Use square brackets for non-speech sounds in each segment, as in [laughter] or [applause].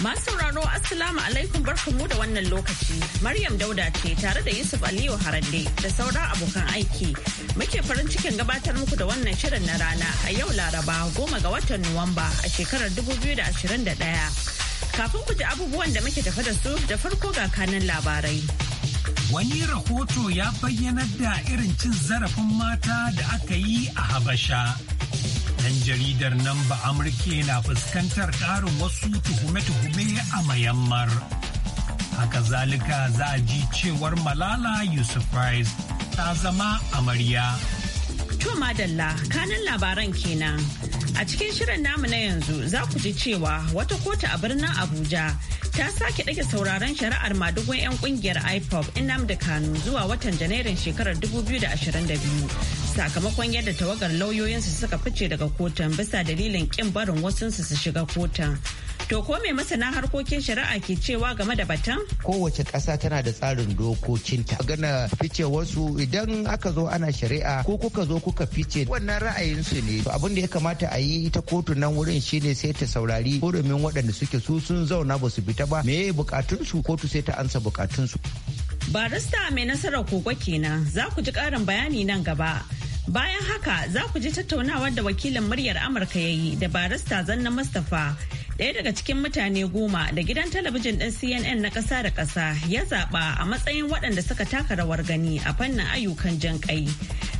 Masu sauraro Assalamu alaikum barkanmu da wannan lokaci. Maryam Dauda ce tare da Yusuf Aliyu Haralle da sauran abokan aiki. Muke farin cikin gabatar muku da wannan shirin na rana a yau Laraba goma ga watan Nuwamba a shekarar 2021. Kafin ku ji abubuwan da muke tafa da su da farko ga kanan labarai. Wani rahoto ya bayyanar da irin cin zarafin mata da aka yi a Habasha. Ɗan jaridar nan ba Amurke na fuskantar ƙarin wasu tuhume-tuhume a Mayammar. Haka zalika za a ji cewar Malala Yusufais ta zama amarya. To madalla kanin labaran kenan. A cikin shirin namu na yanzu za ku ji cewa wata kotu a birnin Abuja ta sake ɗage sauraron shari'ar madugun 'yan kungiyar IPOP da Kanu zuwa watan Janairun shekarar 2022. sakamakon yadda tawagar lauyoyinsu suka fice daga kotun bisa dalilin kin barin wasunsu su shiga kotun. To ko mai masana harkokin shari'a ke cewa game da batan. Kowace ƙasa tana da tsarin dokokinta. Gana wasu idan aka zo ana shari'a ko kuka zo kuka fice wannan ra'ayinsu ne. To abin da ya kamata a yi ita kotun nan wurin shine sai ta saurari hurumin waɗanda suke su sun zauna ba su fita ba. Me bukatunsu kotu sai ta ansa bukatunsu. Barista mai nasarar kogo kenan za ku ji ƙarin bayani nan gaba. Bayan haka za ku ji tattaunawar da wakilin muryar Amurka ya yi da barista Zanna Mustapha ɗaya daga cikin mutane goma da gidan talabijin ɗin CNN na ƙasa da ƙasa ya zaɓa a matsayin waɗanda suka taka rawar gani a fannin ayyukan jan ƙai.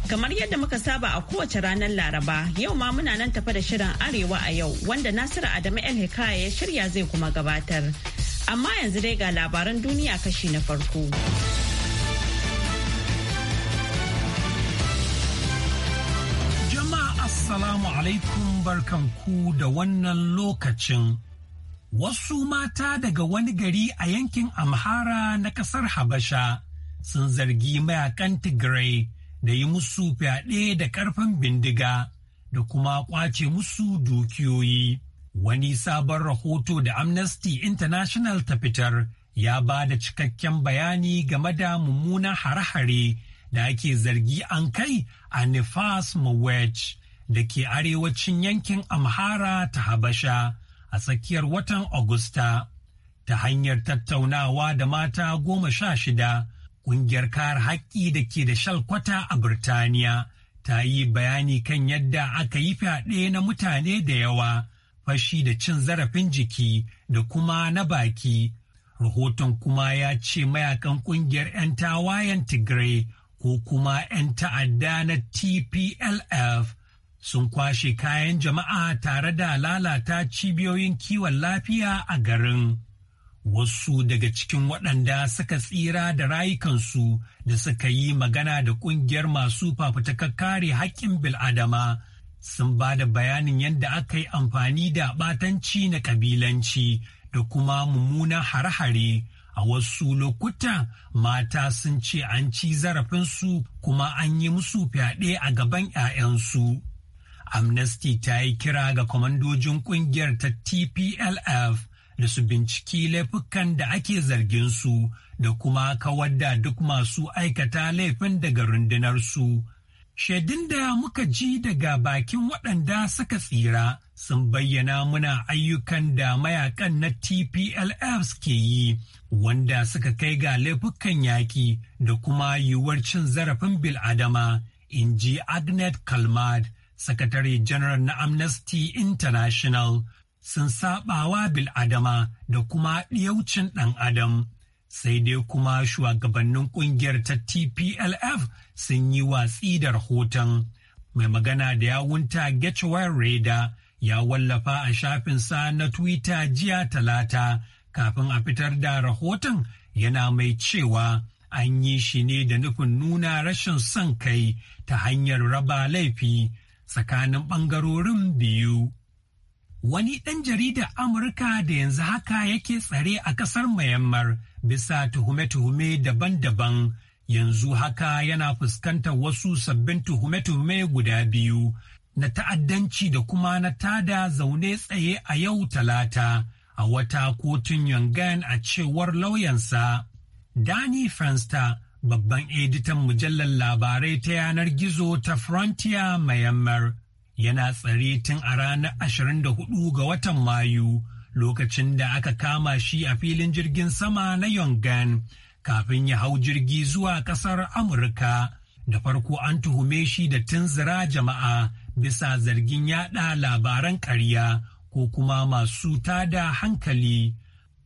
Kamar yadda muka saba a kowace ranar Laraba, yau ma muna nan tafa da shirin Arewa a yau wanda Nasiru Adamu El Hikaya ya shirya zai kuma gabatar. Amma yanzu dai ga labaran duniya kashi na farko. Jama'a Assalamu alaikum barkanku da wannan lokacin. Wasu mata daga wani gari a yankin Amhara na kasar Habasha sun zargi mayakan Tigray da yi musu fyaɗe da ƙarfin bindiga da kuma ƙwace musu dukiyoyi. Wani sabon rahoto da Amnesty International ta fitar ya ba da cikakken bayani game da mummunan hare-hare da ake zargi an kai a Nefas Mowat, da ke arewacin yankin Amhara ta Habasha a tsakiyar watan Agusta. Ta hanyar tattaunawa da mata goma sha shida, ƙungiyar kar haƙƙi da ke da shalkwata a Birtaniya ta yi bayani kan yadda aka yi fyaɗe na mutane da yawa. fashi da cin zarafin jiki da kuma na baki. Rahoton kuma ya ce mayakan kungiyar 'yan tawayen Tigray ko kuma 'yan ta'adda na TPLF sun kwashe kayan jama'a tare da lalata cibiyoyin kiwon lafiya a garin. Wasu daga cikin waɗanda suka tsira da rayukansu da suka yi magana da ƙungiyar masu ka kare haƙƙin bil'adama sun ba da bayanin yadda aka yi amfani da batanci na kabilanci, da kuma mummunan hare-hare a wasu lokuta mata sun ce an ci zarafinsu kuma an yi musu fyaɗe a gaban 'ya'yansu. amnesty ta yi kira ga kwamandojin ƙungiyar ta tplf da su binciki laifukan da ake zarginsu, da kuma kawar da duk masu aikata laifin daga rundunarsu. su Shaidun da muka ji daga bakin waɗanda suka tsira sun bayyana muna ayyukan da mayakan na TPLF ke yi wanda suka kai ga laifukan yaƙi da kuma yiwuwar cin zarafin bil'adama, in ji Agnet Kalmad, Sakatare General na Amnesty International, sun saɓawa bil'adama da kuma ɗiyaucin ɗan adam. sai dai kuma shugabannin kungiyar ta tplf sun yi watsi da rahoton mai magana da yawunta getchwar reda ya wallafa a shafin sa na twitter jiya talata kafin a fitar da rahoton yana mai cewa an yi shi ne da nufin nuna rashin son kai ta hanyar raba laifi tsakanin ɓangarorin biyu wani ɗan jarida amurka da yanzu haka yake tsare a ƙasar myanmar bisa tuhume-tuhume daban-daban yanzu haka yana fuskantar wasu sabbin tuhume-tuhume guda biyu na ta'addanci da kuma na tada zaune tsaye a yau talata a wata kotun yangan a cewar lauyansa. Dani Fenster babban editan mujallar labarai ta yanar gizo ta Frontier Myanmar yana tsare tun a ranar 24 ga watan Mayu. lokacin da aka kama shi a filin jirgin sama na Yongan kafin ya hau jirgi zuwa ƙasar Amurka. Da farko an tuhume shi da tunzura jama'a bisa zargin yaɗa labaran ƙarya ko kuma masu tada hankali.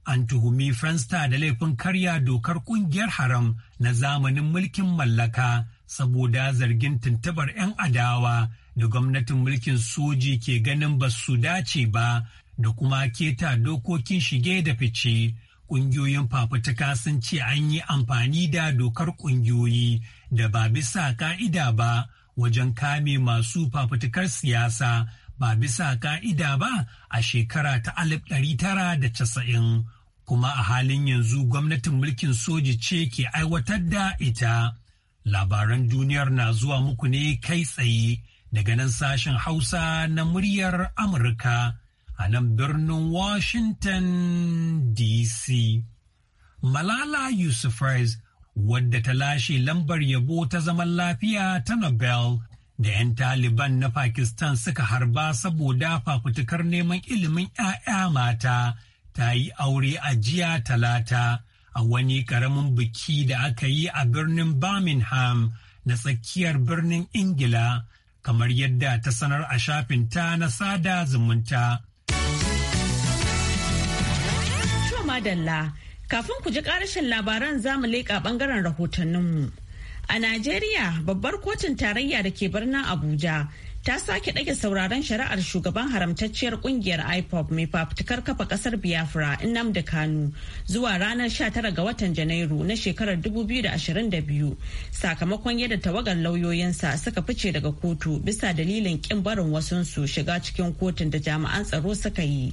An tuhumi Fransta da laifin karya dokar ƙungiyar haram na zamanin mulkin mallaka saboda zargin tuntubar 'yan adawa da gwamnatin mulkin soji ke ganin ba su dace ba da kuma keta dokokin shige da fice ƙungiyoyin fafutuka sun ce an yi amfani da dokar ƙungiyoyi da ba bisa ka'ida ba wajen kame masu fafutukar siyasa ba bisa ka'ida ba a shekara ta alif ɗari tara da casa'in, kuma a halin yanzu gwamnatin mulkin soji ce ke aiwatar da ita. Labaran duniyar na zuwa muku ne kai tsaye daga nan sashen Hausa na muryar Amurka a nan birnin Washington DC. Malala Yousafzai wadda ta lashe lambar yabo ta zaman lafiya ta Nobel da 'yan Taliban na Pakistan suka harba saboda fafutukar neman ilimin 'ya'ya mata ta yi aure a jiya talata a wani karamin biki da aka yi a birnin Birmingham na tsakiyar birnin Ingila kamar yadda ta sanar a shafinta na sada zumunta. madalla. Kafin ku ji ƙarashin labaran za mu leƙa ɓangaren rahotanninmu. A Najeriya, babbar kotun tarayya da ke birnin Abuja ta sake ɗage sauraron shari'ar shugaban haramtacciyar ƙungiyar IPOP mai fafutukar kafa ƙasar Biafra Nnamdi Kanu zuwa ranar 19 ga watan Janairu na shekarar 2022 sakamakon yadda tawagar lauyoyinsa suka fice daga kotu bisa dalilin ƙin barin wasunsu shiga cikin kotun da jami'an tsaro suka yi.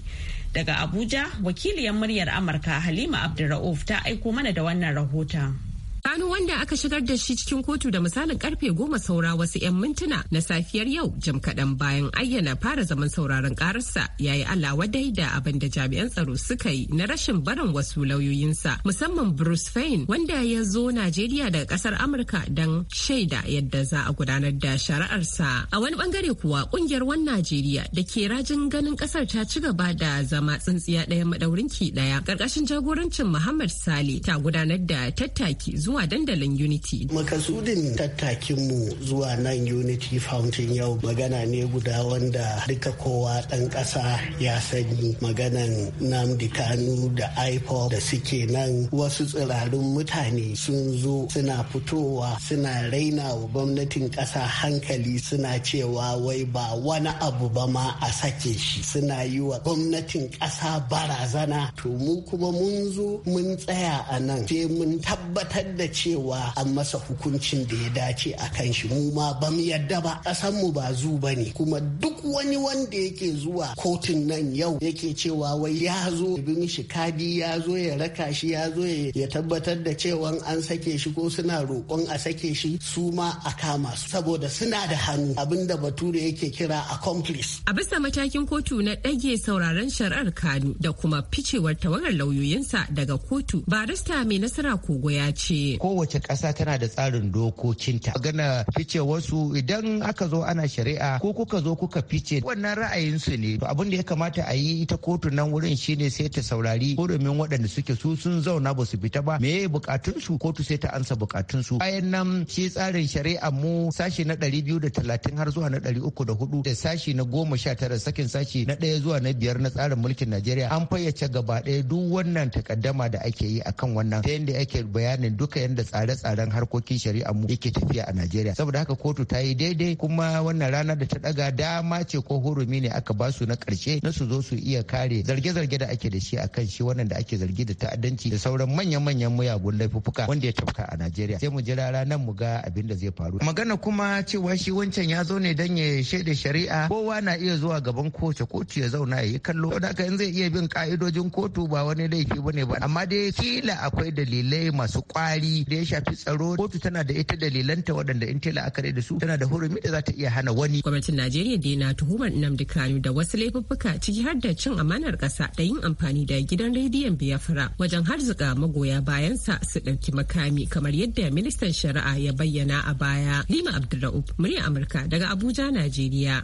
Daga Abuja, wakiliyar muryar Amurka Halima Abdulra'uf ta aiko mana da wannan rahoton. Kanu wanda aka shigar da shi cikin kotu da misalin karfe goma saura wasu 'yan mintuna na safiyar yau jam kaɗan bayan ayyana fara zaman sauraron kararsa ya yi alawa wadai da abin da jami'an tsaro suka yi na rashin barin wasu lauyoyinsa musamman Bruce Fain wanda ya zo Najeriya daga ƙasar Amurka don shaida yadda za a gudanar da shari'arsa. A wani bangare kuwa ƙungiyar Wan Najeriya da ke rajin ganin ƙasar ta ci gaba da zama tsintsiya ɗaya madaurinki ɗaya ƙarƙashin jagorancin Muhammad Sale ta gudanar da tattaki zuwa zuwa dandalin Unity. Makasudin tattakinmu zuwa nan Unity Fountain yau magana ne guda wanda duka kowa ɗan ƙasa ya sani maganan Namdi Kanu da ipod da suke nan wasu tsirarun mutane sun zo suna fitowa suna raina wa gwamnatin ƙasa hankali suna cewa wai ba wani abu ba ma a sake shi suna yi wa gwamnatin ƙasa barazana to mu kuma mun zo mun tsaya a nan sai mun tabbatar da da cewa an masa hukuncin da ya dace a kan shi mu ma ba mu yadda ba ƙasan mu ba zu ba ne kuma duk wani wanda yake zuwa kotun nan yau yake cewa wai ya zo bin shi kabi ya zo ya raka shi ya zo ya tabbatar da cewa an sake shi ko suna roƙon a sake shi su ma a kama su saboda suna da hannu abin da bature yake kira accomplice. A bisa matakin kotu na ɗage sauraron shari'ar Kanu da kuma ficewar tawagar lauyoyinsa daga kotu barista mai nasara kogo ya ce kowace ƙasa tana da tsarin dokokinta magana fice wasu idan aka zo ana shari'a ko kuka zo kuka fice wannan ra'ayinsu ne to abin da ya kamata a yi ita kotu nan wurin shine sai ta saurari Ko domin waɗanda suke su sun zauna ba su fita ba meye bukatunsu kotu sai ta ansa bukatunsu bayan nan shi tsarin shari'a mu sashi na 230 har zuwa na 304 da sashi na 19 sakin sashi na 1 zuwa na biyar na tsarin mulkin Najeriya an fayyace gaba ɗaya duk wannan takaddama da ake yi akan wannan ta yadda ake bayanin duka haka da tsare-tsaren harkokin shari'a mu yake tafiya a Najeriya saboda haka kotu ta yi daidai kuma wannan rana da ta daga dama ce ko hurumi ne aka ba su na karshe na su zo su iya kare zarge-zarge da ake da shi a kan shi wannan da ake zargi da ta'addanci da sauran manyan-manyan muyagun laifuka wanda ya tafka a Najeriya sai mu jira ranar mu ga abin da zai faru magana kuma cewa shi wancan ya zo ne dan ya shaida shari'a kowa na iya zuwa gaban kotu kotu ya zauna ya yi kallo saboda haka in zai iya bin ka'idojin kotu ba wani laifi bane ba amma dai kila akwai dalilai masu kwari da ya shafi tsaro kotu tana da ita dalilanta waɗanda in ta aka da su tana da hurumi da za ta iya hana wani. Gwamnatin Najeriya da na tuhumar Nnamdi Kanu da wasu laifuffuka ciki har da cin amanar ƙasa da yin amfani da gidan rediyon Biafra wajen harzuka magoya bayansa su ɗauki makami kamar yadda ministan shari'a ya bayyana a baya. Lima Abdulra'ub, murya Amurka daga Abuja, Najeriya.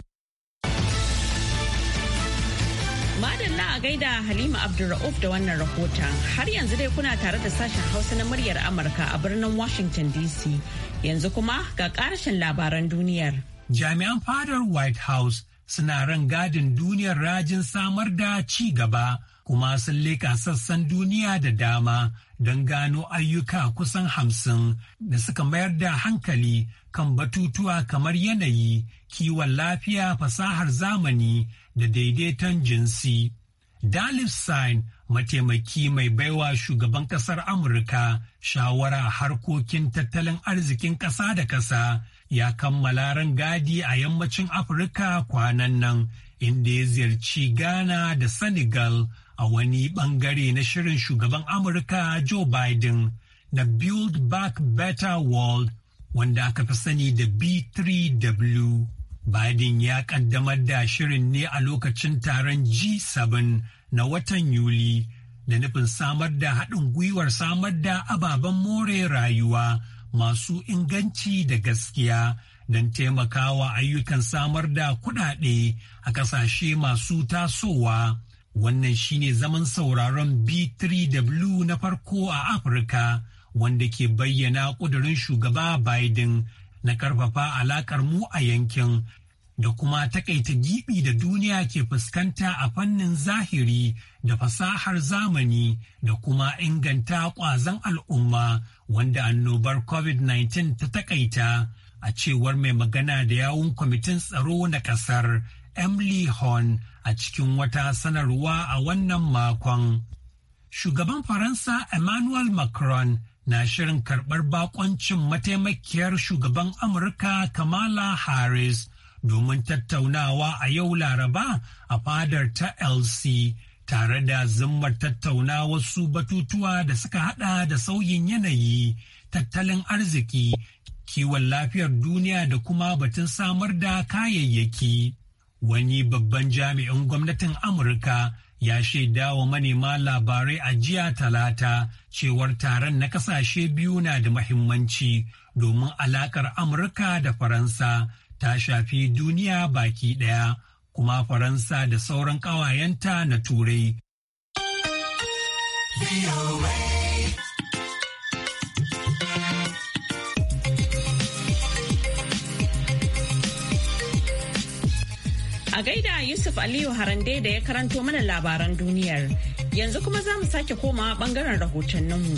a gaida Halima Abdulra'uf da wannan rahoton. Har yanzu dai kuna tare da sashen Hausa na muryar Amurka a birnin Washington DC. Yanzu kuma ga ƙarshen labaran duniyar. Jami'an fadar White House suna ran gadin duniyar rajin samar da ci gaba kuma sun leka sassan duniya da dama don gano ayyuka kusan hamsin da suka mayar da hankali kan batutuwa kamar yanayi kiwon lafiya fasahar zamani da daidaiton jinsi. Dalif Sine mataimaki mai baiwa shugaban kasar Amurka shawara harkokin tattalin arzikin ƙasa da ƙasa ya kammala rangadi a yammacin Afirka kwanan nan inda ya ziyarci Ghana da Senegal a wani bangare na shirin shugaban Amurka Joe Biden na Build Back Better World wanda aka fi sani da B3W. Biden ya kaddamar da shirin ne a lokacin taron G7 na watan Yuli da nufin samar da haɗin gwiwar samar da ababen more rayuwa masu inganci da gaskiya don taimakawa ayyukan samar da kuɗaɗe a ƙasashe masu tasowa. Wannan shi ne zaman sauraron B3W na farko a Afirka wanda ke bayyana ƙudurin shugaba Biden na karfafa alakar mu a yankin da kuma takaita gibi da duniya ke fuskanta a fannin zahiri da fasahar zamani da kuma inganta kwazon al'umma wanda annobar covid-19 ta takaita a cewar mai magana da yawun kwamitin tsaro na kasar emily horn a cikin wata sanarwa a wannan makon shugaban faransa emmanuel macron na shirin karɓar bakoncin mataimakiyar shugaban Amurka Kamala Harris domin tattaunawa a yau Laraba a fadar ta LC tare da zimmar tattauna wasu batutuwa da suka hada da sauyin yanayi, tattalin arziki, kiwon lafiyar duniya da kuma batun samar da kayayyaki. Wani babban jami'in gwamnatin Amurka ya shaida wa manema labarai a jiya talata cewar taron na kasashe biyu na da mahimmanci domin alakar amurka da faransa ta shafi duniya baki daya kuma faransa da sauran kawayenta na turai A gaida Yusuf Aliyu Harande da ya karanto mana labaran duniyar. Yanzu kuma za mu sake komawa bangaren rahotanninmu.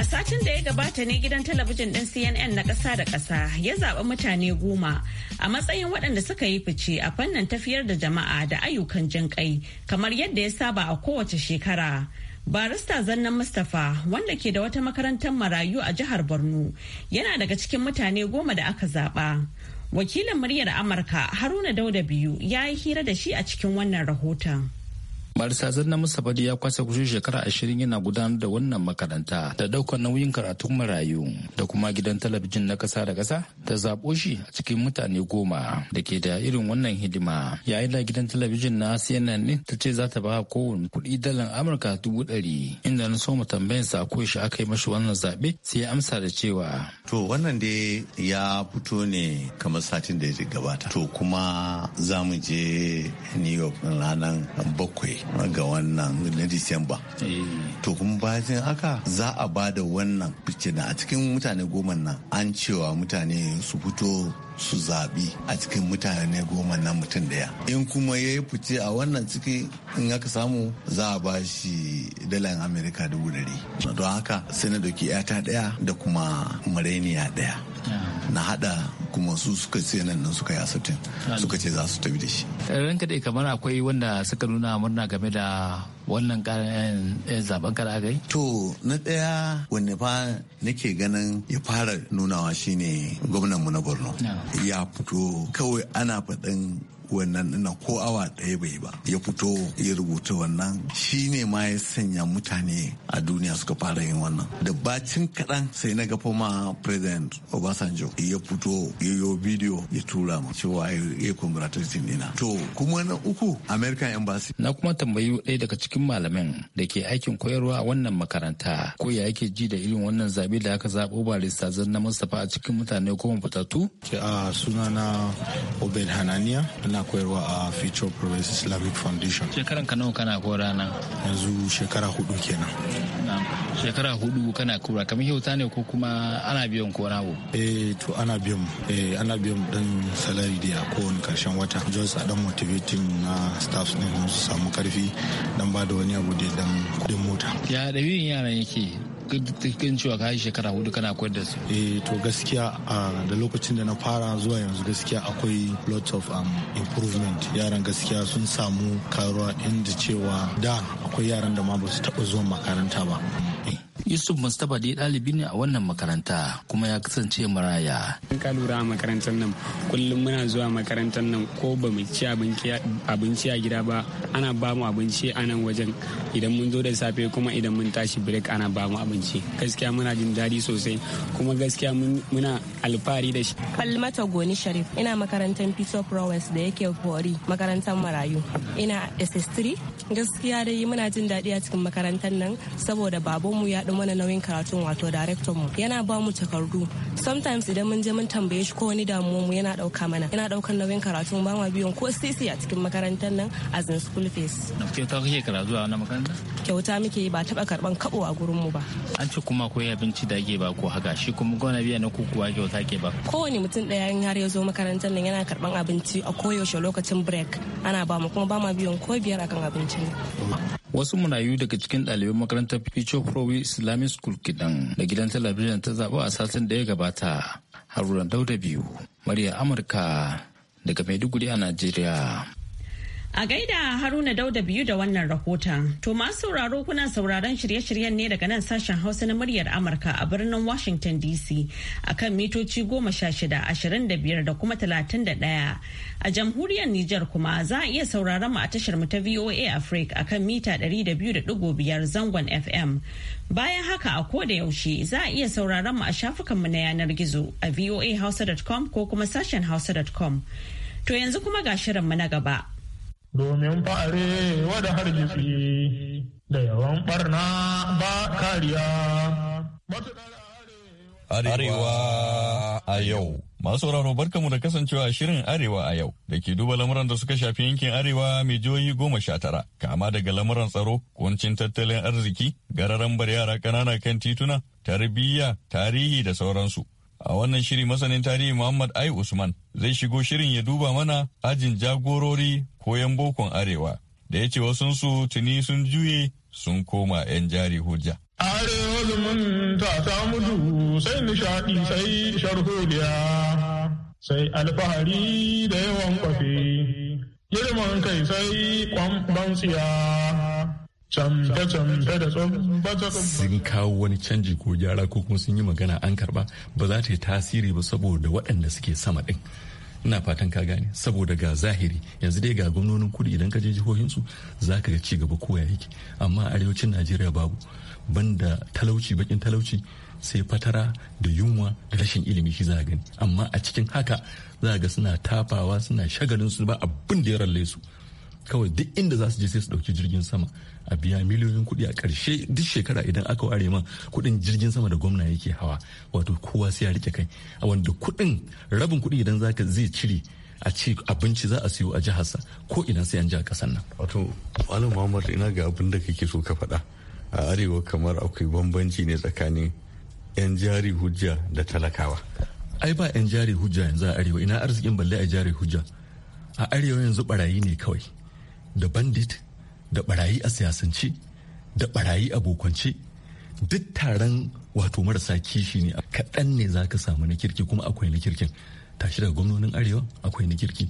A satin da ya gabata ne gidan talabijin ɗin CNN na ƙasa da ƙasa ya zaɓi mutane goma a matsayin waɗanda suka yi fice a fannin tafiyar da jama'a da ayyukan jinƙai kamar yadda ya saba a kowace shekara. Barista Zannan Mustapha wanda ke da wata makarantar marayu a jihar Borno yana daga cikin mutane goma da aka zaba. Wakilin muryar Amurka Haruna Dauda biyu ya yi hira da shi a cikin wannan rahoton. barisa zanna mustapha ya kwasa kusan shekara ashirin yana gudanar da wannan makaranta da daukar nauyin karatun marayu da kuma gidan talabijin na kasa da kasa da zaɓo shi a cikin mutane goma da ke da irin wannan hidima yayin da gidan talabijin na cnn ne ta ce za ta ba kowane kuɗi dalan amurka dubu ɗari inda na so mu tambayin sa ko shi aka yi mashi wannan zaɓe sai ya amsa da cewa to wannan dai ya fito ne kamar satin da ya gabata to kuma za mu je new york ranar bakwai ga wannan na disamba eh. to kuma bayan haka za a ba da wannan na a cikin mutane goma nan an cewa mutane su fito su zaɓi a cikin mutane goma nan mutum daya in kuma ya yi fice a wannan ciki in aka samu za a ba shi dalar amerika dubu ɗari don haka sai na doki 'yata ɗaya da kuma mareniya ɗaya na hada kuma su suka ce nan nan suka ya asatin suka ce za su tafi da shi ranka kadai kamar akwai wanda suka nuna murna game da wannan eh, zaben kada gai to na daya wanne fa nake ganin ya fara nunawa shine gwamnan mu na borno ya fito kawai ana faɗin wannan dinnan ko awa ɗaya bai ba ya fito ya rubuta wannan shi ne ma ya sanya mutane a duniya suka fara yin wannan da bacin kaɗan sai na gafa ma president obasanjo ya fito ya yi bidiyo ya tura ma cewa ya congratulating dina to kuma na uku american embassy na kuma tambayi ɗaya daga cikin malamin da ke aikin koyarwa a wannan makaranta ko ya yake ji da irin wannan zabe da aka zaɓo ba lissazan na mustapha a cikin mutane goma ke a sunana obed hananiya na koyarwa a Future Progress Islamic Foundation. Shekaran ka nawa kana kora nan? Yanzu shekara hudu kenan. Shekara hudu kana kora? kamar kyauta ne ko kuma ana biyan ko Eh to ana biyan eh ana biyan dan salari dai a kowane karshen wata. Just a dan motivating na staff din su samu karfi dan ba da wani abu da dan kudin mota. Ya ɗabi'in yaran yake kan cewa ka yi shekara hudu kana koyar da su eh to gaskiya da lokacin da na fara zuwa yanzu gaskiya akwai lot of um, improvement yaran gaskiya sun samu karuwa inda cewa da akwai yaran da ma ba su taba zuwa makaranta ba Yusuf Mustapha dai ɗalibi ne a wannan makaranta kuma ya kasance maraya. In ka lura a makarantar nan kullum muna zuwa makarantar nan ko ba mu ci abinci a gida ba ana ba mu abinci a nan wajen idan mun zo da safe kuma idan mun tashi break ana ba mu abinci. Gaskiya muna jin daɗi sosai kuma gaskiya muna alfahari da shi. Kalmata Goni Sharif ina makarantar Peter Prowess da yake Bori makarantar marayu. Ina SS3 gaskiya dai muna jin daɗi a cikin makarantar nan saboda babanmu ya ɗau mana nauyin karatun wato director mu yana ba mu takardu sometimes idan mun je mun tambaye shi ko wani damuwa mu yana ɗauka mana yana ɗaukar nauyin karatun ba ma biyan ko sisi a cikin makarantar nan a in school fees kyauta kake karatu a wannan makaranta kyauta muke yi ba taɓa karɓan kaɓo a gurin mu ba an ce kuma akwai abinci da ake ba ko haka shi kuma gona biya na a kyauta ke ba kowane mutum ɗaya in har ya zo makarantar nan yana karɓan abinci a koyaushe lokacin break ana ba mu kuma ba ma biyan ko biyar akan abinci wasu marayu daga cikin ɗaliban makarantar Future Prowi Islamic School kidan da gidan talabijin ta zaɓa a satin da ya gabata Haruna Dauda biyu, murya Amurka daga Maiduguri a Najeriya. A gaida Haruna Dauda biyu da wannan rahoton. To masu sauraro kuna sauraron shirye-shiryen ne daga nan sashen Hausa na muryar Amurka a birnin Washington DC kan mitoci goma sha shida, ashirin da biyar da kuma talatin da ɗaya. A jamhuriyar Nijar kuma za a iya sauraron mu a tashar mu ta VOA Africa a kan mita ɗari da biyu da ɗigo biyar zangon FM. Bayan haka a ko da yaushe za a iya sauraron mu a shafukanmu na yanar gizo a voahausa.com ko kuma sashen hausa.com. To yanzu kuma ga shirin mu na gaba. domin fa'are wada hargitsi da yawan barna ba kariya. Arewa a yau Masu sauraro mu da kasancewa shirin Arewa a yau da ke duba lamuran da suka shafi yankin Arewa mai jihohi goma sha tara, kama daga lamuran tsaro, kuncin tattalin arziki, gararan bar yara ƙanana kan tituna, tarbiyya, tarihi da sauransu. A wannan shiri masanin tarihi Muhammad Ai Usman zai shigo shirin ya duba mana ajin jagorori koyon bokon arewa da ya ce wasunsu tuni sun juye sun koma 'yan jari hujja. Arewa zumunta ta mutu sai nishaɗi sai sharholiya sai alfahari da yawan kwafi girman kai sai kwamban tsiya. sun kawo wani canji ko gyara ko kuma sun yi magana an karba ba za ta yi tasiri ba saboda waɗanda suke sama ɗin ina fatan ka gane saboda ga zahiri yanzu dai ga gwamnonin kudu idan ka je jihohinsu za ka ga ci gaba koya yake amma arewacin najeriya babu banda talauci bakin talauci sai fatara da yunwa da rashin ilimi shi za a gani amma a cikin haka za a ga suna tafawa suna shagalin su ba abin da ya ralle su kawai duk inda za su je sai su ɗauki jirgin sama a biya miliyoyin kuɗi a ƙarshe duk shekara idan aka ware ma kuɗin jirgin sama da gwamna yake hawa wato kowa sai ya rike kai a wanda kuɗin rabin kuɗi idan zaka zai cire a ce abinci za a siyo a jiharsa ko ina sai an ji a nan. wato malam muhammad ina ga abin da kake so ka faɗa a arewa kamar akwai bambanci ne tsakanin yan jari hujja da talakawa. ai ba yan jari hujja yanzu a arewa ina arzikin balle a jari hujja a arewa yanzu barayi ne kawai da bandit da barayi a siyasance da barayi a bokwance duk taron wato marasa kishi ne kaɗan ne za ka samu na kirki kuma akwai na kirkin tashi daga gwamnonin arewa akwai na kirki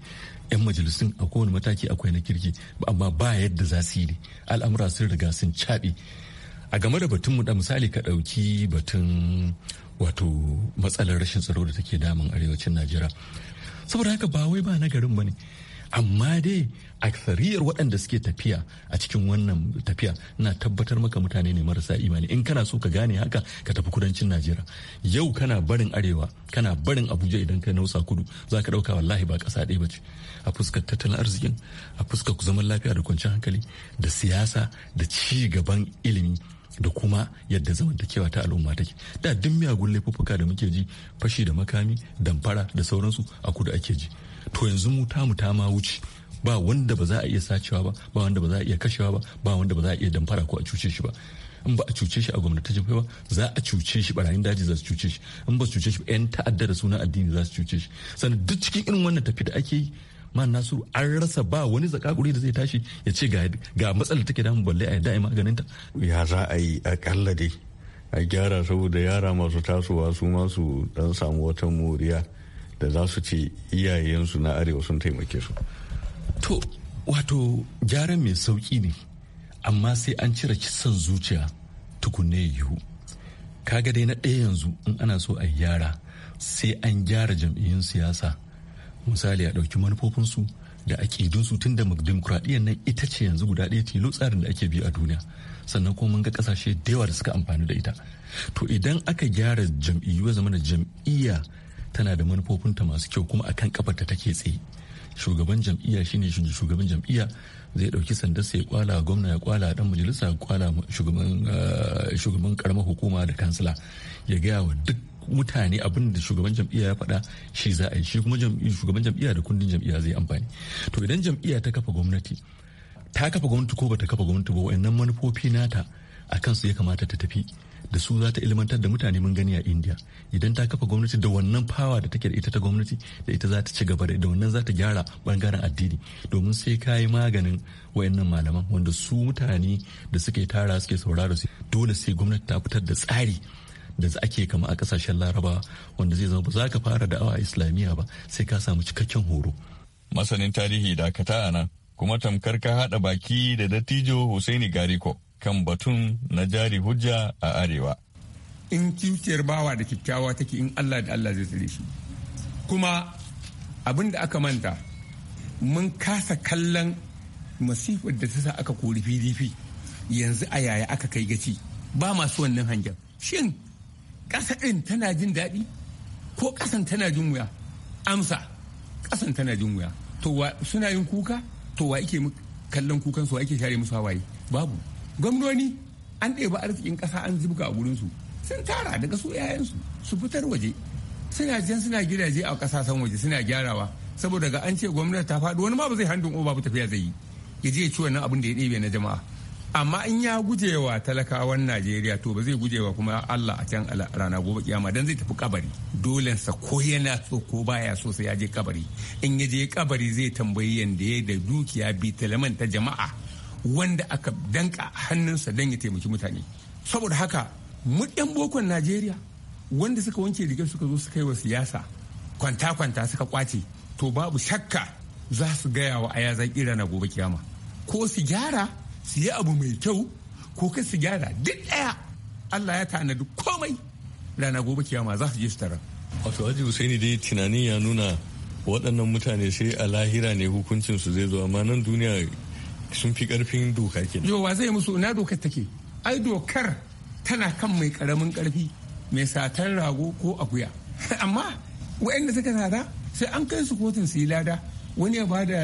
yan majalisun a kowane mataki akwai na kirki amma ba yadda za su yi al'amura sun riga sun caɓe a game da batun mu da misali ka ɗauki batun wato matsalar rashin tsaro da take damun arewacin najeriya saboda haka ba wai ba na garin ba ne amma dai aksariyar waɗanda suke tafiya a cikin wannan tafiya na tabbatar maka mutane ne marasa imani in kana so ka gane haka ka tafi kudancin najeriya yau kana barin arewa kana barin abuja idan ka nausa kudu za ka ɗauka wallahi ba ƙasa ɗaya bace a fuskar tattalin arzikin a fuskar zaman lafiya da kwanciyar hankali da siyasa da ci gaban ilimi da kuma yadda zamantakewa ta al'umma take da duk miyagun laifuffuka da muke ji fashi da makami damfara da sauransu a kudu ake ji to yanzu mu mu ta ma wuce ba wanda ba za a iya sacewa ba ba wanda ba za a iya kashewa ba ba wanda ba za a iya damfara ko a cuce shi ba in ba a cuce shi a gwamnati ta ba za a cuce shi barayin daji za su cuce shi in ba su cuce shi yan ta'adda da sunan addini za su cuce shi sannan duk cikin irin wannan tafi da ake yi ma nasiru an rasa ba wani zakakuri da zai tashi ya ce ga matsala take damu balle a da'i maganin ta ya za a yi akalla dai a gyara saboda yara masu tasowa su masu dan samu wata moriya da za su ce iyayensu na arewa sun taimake su to wato gyara mai sauƙi ne amma sai an cire kisan zuciya tukunne yiwu kaga dai na ɗaya yanzu in ana so a gyara sai an gyara jam'iyyun siyasa misali a ɗauki manufofinsu da aƙidunsu tun da dimokuraɗiyyar nan ita ce yanzu guda ɗaya tilo tsarin da ake bi a duniya sannan kuma mun ga ƙasashe da yawa da suka amfani da ita to idan aka gyara jam'iyyu ya zama da jam'iyya tana da manufofinta masu kyau kuma akan ta take tsaye shugaban jam'iyya shine shugaban jam'iyya zai dauki sanda sai kwala gwamna ya kwala dan majalisa kwala shugaban eh, shugaban karamar hukuma da kansila ya gaya wa duk mutane abin da shugaban jam'iyya ya faɗa shi za a yi shi kuma shugaban jam'iyya da kundin jam'iyya zai amfani to idan jam'iyya ta kafa gwamnati ta kafa gwamnati ko bata kafa gwamnati ba wayannan manufofi nata a su ya kamata ta tafi da su za ta ilmantar da mutane mun gani a india idan ta kafa gwamnati da wannan fawa da take da ita ta gwamnati da ita za ta ci gaba da wannan za ta gyara bangaren addini domin sai ka yi maganin wayannan malaman wanda su mutane da suke tara suke saurara su dole sai gwamnati ta fitar da tsari da ake kama a kasashen larabawa wanda zai zama ba za ka fara da'awa islamiyya ba sai ka samu cikakken horo masanin tarihi dakata a nan kuma tamkar ka haɗa baki da dattijo Hussaini Gariko kan batun na jari hujja a arewa. In kiwciyar bawa da kyakkyawa take in Allah da Allah zai tsare shi. Kuma abin da aka manta mun kasa kallon masifar da ta sa aka kori PDP yanzu a yaya aka kai gaci ba masu wannan hangen. Shin ƙasa ɗin tana jin daɗi ko ƙasan tana jin wuya? Amsa ƙasan tana jin wuya. To suna yin kuka? To wa ike kallon kukan su wa ike share musu hawaye? Babu. gwamnoni an ɗeba arzikin ƙasa an zubga a gurinsu sun tara daga su 'ya'yansu su fitar waje suna jan suna gidaje a ƙasashen waje suna gyarawa saboda ga an ce gwamnati ta faɗi wani ma ba zai handin oba ba tafiya zai yi ya je ci wannan abin da ya ɗebe na jama'a amma in ya gujewa talakawan najeriya to ba zai gujewa kuma allah a can rana gobe kiyama dan zai tafi kabari sa ko yana so ko baya so sai ya je kabari in ya je kabari zai tambayi yanda ya da dukiya bitalaman ta jama'a wanda aka danka hannunsa don ya taimaki mutane saboda haka mu yan bokon najeriya wanda suka wanke rigar suka zo suka yi wa siyasa kwanta-kwanta suka kwace to babu shakka za su gaya wa ayazan ira na gobe kiyama ko su gyara su yi abu mai kyau ko kai su gyara duk ɗaya allah ya tanadi komai rana gobe kiyama za su je su tara wato haji husaini dai tunani ya nuna waɗannan mutane sai a lahira ne hukuncin su zai zo amma nan duniya sun fi karfin doka kenan yo wa zai musu ina dokar take ai dokar tana kan mai karamin karfi mai satar rago ko akuya [laughs] amma waɗanda suka sata sai an kai su kotun su yi lada wani ya bada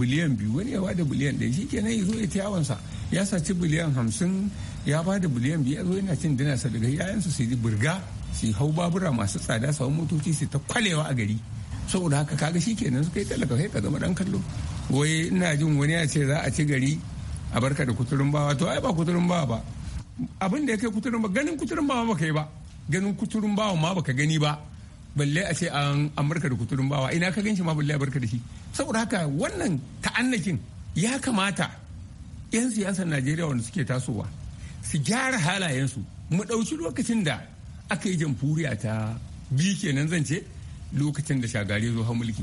biliyan biyu wani ya bada biliyan ɗaya shi kenan ya zo ya tiyawansa ya saci biliyan hamsin ya bada biliyan biyu ya zo yana cin dina daga yayansu su yi burga su hau babura masu tsada su motoci su ta kwalewa a gari saboda haka kaga shi kenan su kai talaka sai ka zama ɗan kallo wai ina jin wani ya ce za a ci gari a barka da kuturin bawa to ai ba kuturin bawa ba abin da ya kai kuturin bawa ganin kuturin bawa baka yi ba ganin kuturin bawa ma baka gani ba balle a ce an barka da kuturin bawa ina ka ganshi ma balle a barka da shi saboda haka wannan ta'annakin ya kamata 'yan siyasar najeriya wanda suke tasowa su gyara halayensu mu ɗauki lokacin da aka yi jamhuriya ta biyu kenan zan ce lokacin da shagari zo mulki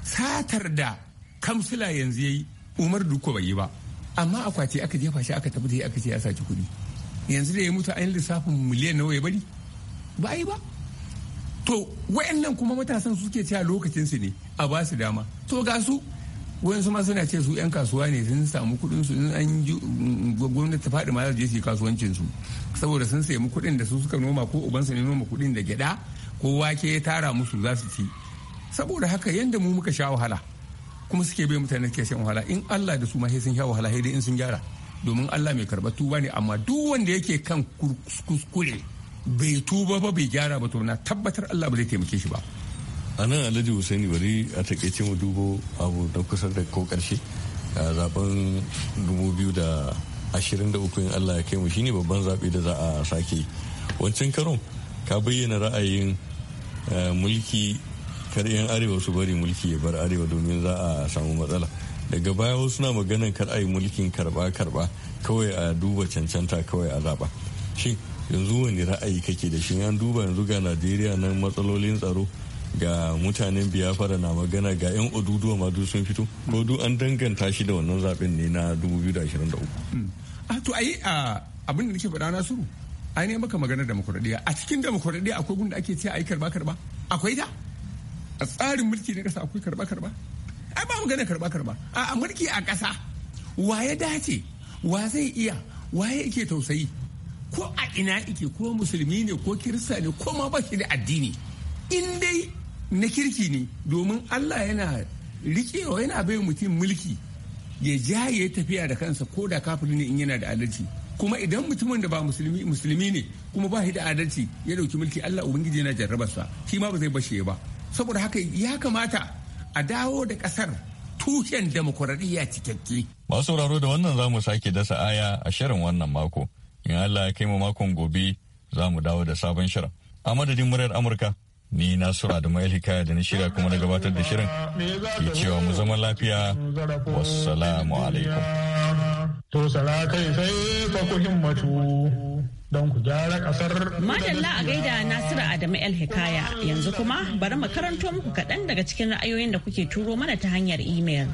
satar da kamfila yanzu ya yi umar duko bai yi ba amma akwati aka jefa shi aka tabbata aka ce ya saci kuɗi yanzu da ya mutu an lissafin miliyan nawa ya bari ba yi ba to wayannan kuma matasan suke cewa lokacin su ne a ba su dama to ga su wayansu ma suna ce su yan kasuwa ne sun samu kuɗin su an ji gwamnati faɗi ma za je su kasuwancin su saboda sun sayi kuɗin da su suka noma ko ubansu ne noma kuɗin da gyaɗa ko wake ya tara musu za su ci saboda haka yanda mu muka sha wahala kuma suke bai mutane ke shan wahala in Allah da su ma sun sha wahala in sun gyara domin Allah mai karɓar tuba ne amma duk wanda yake kan kuskure bai tuba ba bai gyara ba to na tabbatar Allah ba zai taimake shi ba a nan alhaji husaini bari a takaice mu dubo abu da kusa da ko karshe a zaben 2023 in allah ya kai mu shine babban zabe da za a sake wancan karon ka bayyana ra'ayin eh, mulki kar yan arewa su bari mulki ya bar arewa domin za a samu matsala daga baya wasu na maganin kar a yi mulkin karba karba kawai a duba cancanta kawai a zaba shi yanzu wani ra'ayi kake da shi an duba yanzu ga najeriya nan matsalolin tsaro ga mutanen biyafara na magana ga 'yan oduduwa ma duk sun fito ko duk an danganta shi da wannan zaben ne na 2023 a hmm. ah, to ayi a abin da nake faɗa na suru ai ne maka maganar demokuraɗiyya a cikin demokuraɗiyya akwai gun da ake ce yi karba karba akwai ta a tsarin mulki na ƙasa akwai karba karba ai ba mu magana karba karba a mulki a ƙasa wa ya dace wa zai iya wa ya ke tausayi ko a ina ike ko musulmi ne ko kirista ne ko ma ba da addini in dai na kirki ne domin Allah yana riƙewa yana bai mutum mulki ya ja ya tafiya da kansa ko da kafin ne in yana da adalci kuma idan mutumin da ba musulmi musulmi ne kuma ba shi da adalci ya dauki mulki Allah ubangiji yana jarrabarsa shi ma ba zai bashe ba saboda haka ya kamata a dawo da kasar tushen demokuraɗiyya cikakke. masu sauraro da wannan za mu sake dasa aya a shirin wannan mako in allah ya kai mu makon gobe za mu dawo da sabon shirin a madadin muryar amurka ni na nasiru da hikaya da na shirya kuma na gabatar da shirin ke cewa mu zama lafiya wassalamu alaikum to sai ku himmatu don ku gyara kasar. Madalla a gaida Nasiru Adamu El Hikaya yanzu kuma bari mu karanto muku kaɗan daga cikin ra'ayoyin da kuke turo mana ta hanyar imel.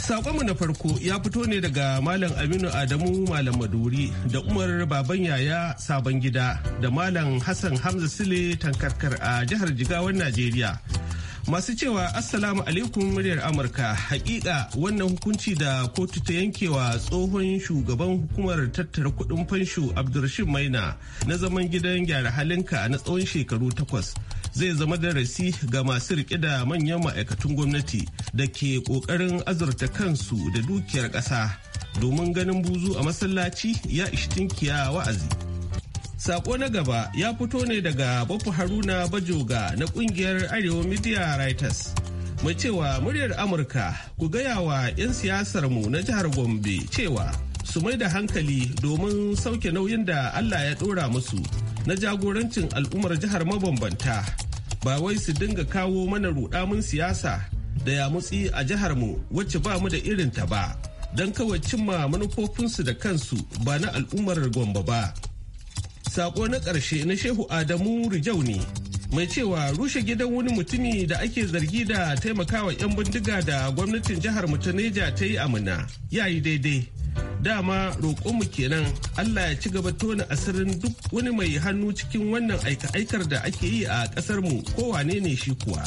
Sakonmu na farko ya fito ne daga Malam Aminu Adamu Malam Maduri da Umar Baban Yaya Sabon Gida da Malam Hassan Hamza Sile Tankarkar a jihar Jigawar Najeriya. masu cewa assalamu alaikum muryar amurka hakika wannan hukunci da kotu ta yankewa tsohon shugaban hukumar tattara kudin fansho abdulrashid maina na zaman gidan gyara halinka na tsawon shekaru takwas zai zama darasi ga masu rike da manyan ma'aikatan gwamnati da ke kokarin azurta kansu da dukiyar ƙasa domin ganin buzu a masallaci ya ishi tinkiya wa'azi. Sako na gaba ya fito ne daga Bafu Haruna Bajoga na kungiyar Arewa Media Writers. Mai cewa muryar Amurka ku gaya wa 'yan siyasarmu na jihar Gombe cewa su mai da hankali domin sauke nauyin da Allah ya ɗora musu na jagorancin al'ummar jihar mabambanta. Ba wai su dinga kawo mana rudamin siyasa da yamutsi a jihar mu wacce ba mu da ta ba. Don kawai cimma manufofinsu da kansu ba na al'ummar Gombe ba. Sako na ƙarshe na Shehu Adamu Rijau ne. mai cewa rushe gidan wani mutumi da ake zargi da taimakawa 'yan bindiga da gwamnatin jihar mutaneja ta yi amina ya yi daidai dama roƙonmu kenan allah ya ci gaba tona asirin duk wani mai hannu cikin wannan aika-aikar da ake yi a ƙasarmu kowane ne shi kuwa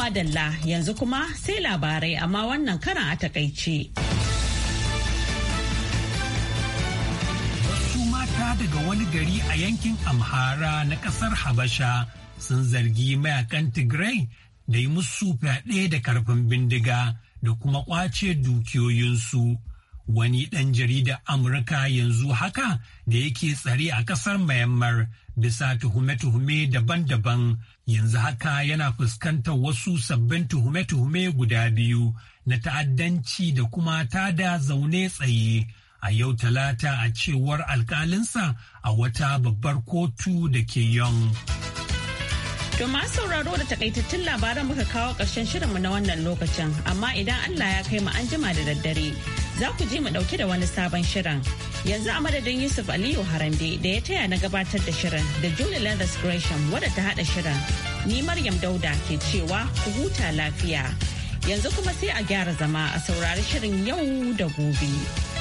madalla yanzu kuma sai labarai amma wannan karan a takaice. Wasu mata daga wani gari a yankin Amhara na kasar Habasha sun zargi mayakan Tigray da yi musu fyaɗe da karfin bindiga da kuma ƙwace dukiyoyinsu. wani ɗan jarida Amurka yanzu haka da yake tsare a ƙasar Myanmar bisa tuhume-tuhume daban-daban yanzu haka yana fuskantar wasu sabbin tuhume-tuhume guda biyu na ta'addanci da kuma ta da zaune tsaye a yau talata a cewar alkalinsa a wata babbar kotu da ke yon. To masu sauraro da takaitattun labaran muka kawo ƙarshen shirinmu na wannan lokacin amma idan Allah ya kai mu an jima da daddare. za ku je mu ɗauke da wani sabon shirin. Yanzu a madadin Yusuf Aliyu Harambe da ya taya na gabatar da shirin da Julie Leathers Gresham wadda ta haɗa shirin. Ni Maryam Dauda ke cewa ku huta lafiya. Yanzu kuma sai a gyara zama a saurari shirin yau da gobe.